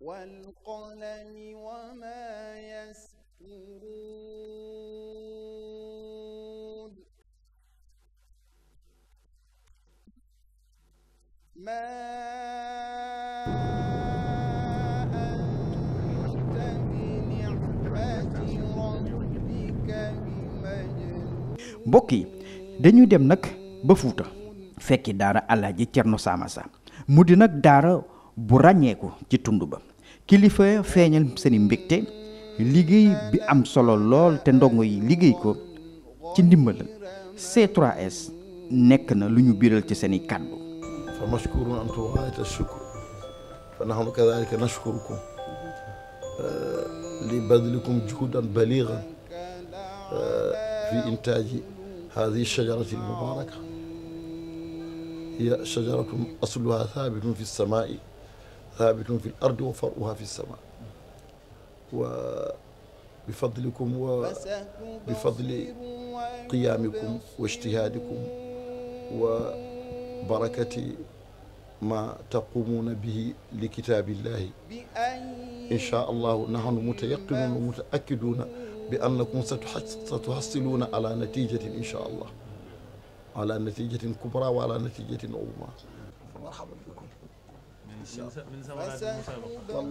والقلم وما يسطرون ما mbokk yi dañuy dem nag ba Fuuta fekki daara Alaaji Cerno mu di nag daara bu ràññeeku ci tund ba kilifa feeñal seeni mbégte liggéey bi am solo lool te ndongo yi liggéey ko ci ndimbalal C3S nekk na lu ñu biral ci seeni kàddu fa mashkurun antum aayata shukr fa nahnu kadalika nashkurukum li badlikum juhudan baligan fi intaaji hadihi shajarati almubaraka hiya shajaratun asluha thabitun fi samaa'i thabitun fi l ardi wa faruha fi lsama wa bifadlikum wa bifadli qiyamikum wa ijtihadikum wa barakati ma taqumuuna bihi li kitaabillahi inchaa allahu nahnu mutayaqinuun wa mutaakiduuna bi annakum satuhasiluuna ala natijatin inchaa allah ala natijatin kubra wa ala natijatin uzma marhaban bikum والله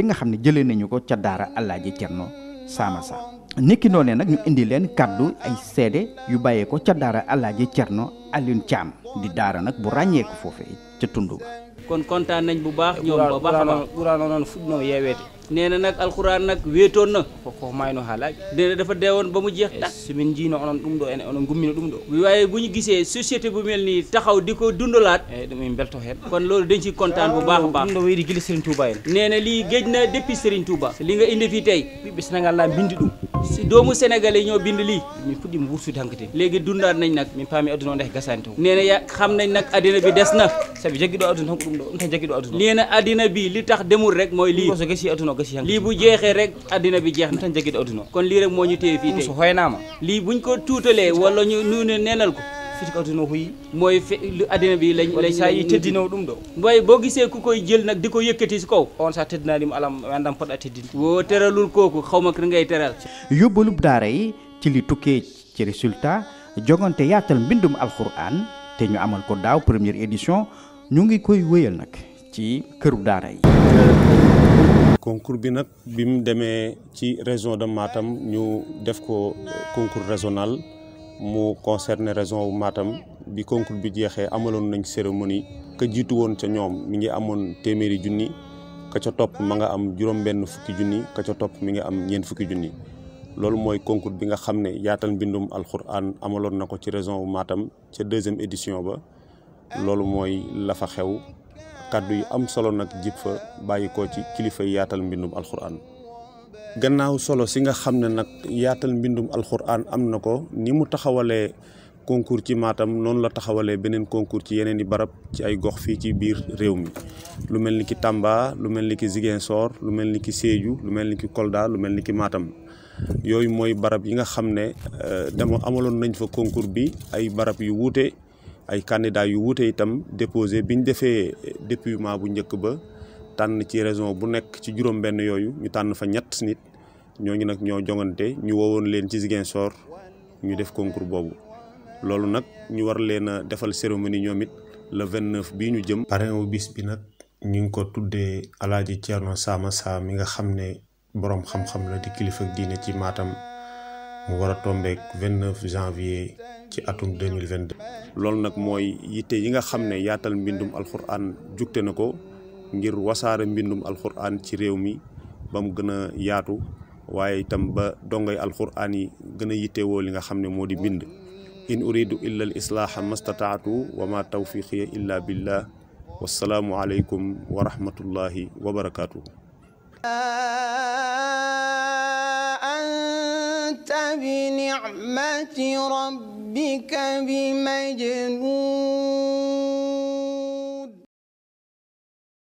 nga xam ne jëlee nañu ko ca daara Alaaji Cerno Samassa nekki noonee nag ñu indi leen kàddu ay seede yu bàyyee ko ca daara Alaaji Cerno Alioune Thiam di daara nag bu ràññeeku foofe ca tund ba kon kontaan nañ bu baax ñoom ba baax a baax qur'an noon fuɗɗino na nag alquran nag weetoon na koko mayno haalaaji nee na dafa deewoon ba mu jeex tak somin jiino onon bu mel nii taxaw di ko dundalaat eyyi eh, ɗum min belto heen kon loolu kontaan bu baax a baax ɗum ɗo weydi gila Serigne Touba en nee na lii géej na depuis Serigne Touba li nga indi fii la bindi ɗum si doomu Sénégal yi ñoo bind lii min puɗɗima wursude hankkadi léegi dundaat nañ nag min paami aduna o ndeke gasaani taw nee na yaa xam nañ nag addina bi des na sabi jaggi ɗo aduna nee na addina bi li tax demul rek mooy lii lii bu jeexee rek addina bi jeex na kon lii rek moo ñu téye fii tey lii buñ ko tuutalee wala ñu nu ne neenal ko mooy fe lu bi lañ lañ sa yi teddinoo ɗum ɗo waaye boo gisee ku koy jël nag di ko yëkkati si kaw on sa teddinaanima alam andam poɗa teddin woo teralul kooku xaw ma ngay teral yóbbalub daara yi ci li tukkee ci résultat jogante yaatal mbindum alquran te ñu amal ko daaw première édition ñu ngi koy wéyal nag ci këru daara yi. concours bi nag bi mu demee ci région de Matam ñu def ko concours régional mu concerné région wu maatam bi concours bi jeexee amaloon nañ cérémonie ka jiitu woon ca ñoom mi ngi amoon téeméeri junni ka ca topp ma nga am juróom-benn fukki junni ka ca topp mi ngi am ñeent fukki junni. loolu mooy concours bi nga xam ne yaatal mbindum alxuraan amaloon na ko ci région wu maatam ca deuxième édition ba. loolu mooy la fa xew kàddu yu am solo nag jib fa bàyyi ko ci kilifa yaatal mbindum alxuraan gannaaw solo si nga xam ne nag yaatal mbindum alxuraan am na ko ni mu taxawalee concours ci maatam noonu la taxawalee beneen concours ci yeneen i barab ci ay gox fii ci biir réew mi lu mel ni ki Tamba lu mel ni ki Ziguinchor lu mel ni ki Sédhiou lu mel ni ki Kolda lu mel ni ki maatam yooyu mooy barab yi nga xam ne euh, dama amaloon nañ fa concours bi ay barab yu wuute ay candidats yu wuute itam déposé bi ñu defee dépouillement bu njëkk ba tànn ci région bu nekk ci juróom-benn yooyu ñu tànn fa ñett nit ñooñu nag ñoo jongante ñu wowoon leen ci Ziguinchor ñu def concours boobu loolu nag ñu war leen a defal cérémonie ñoom it le 29 bii ñu jëm. parrain wu bis bi nag ñu ngi ko tuddee Alaaji Thierno Sama Sama mi nga xam ne boroom xam-xam la di kilifa diine ci maatam mu war a tombeek 29 janvier ci atum 2022 loolu nag mooy yitte yi nga xam ne yaatal mbindum alxuraan jugte na ko ngir wasaare mbindum alxuraan ci réew mi ba mu gën a yaatu waaye itam ba dongay alxuraan yi gën a yittewoo li nga xam ne moo di mbind in uridu illa al islaaha mastataatu wa ma tawfiqiya illa billah wassalaamu aleykum wa rahmatullahi wa barakaatuhu بنعمة ربك بمجنون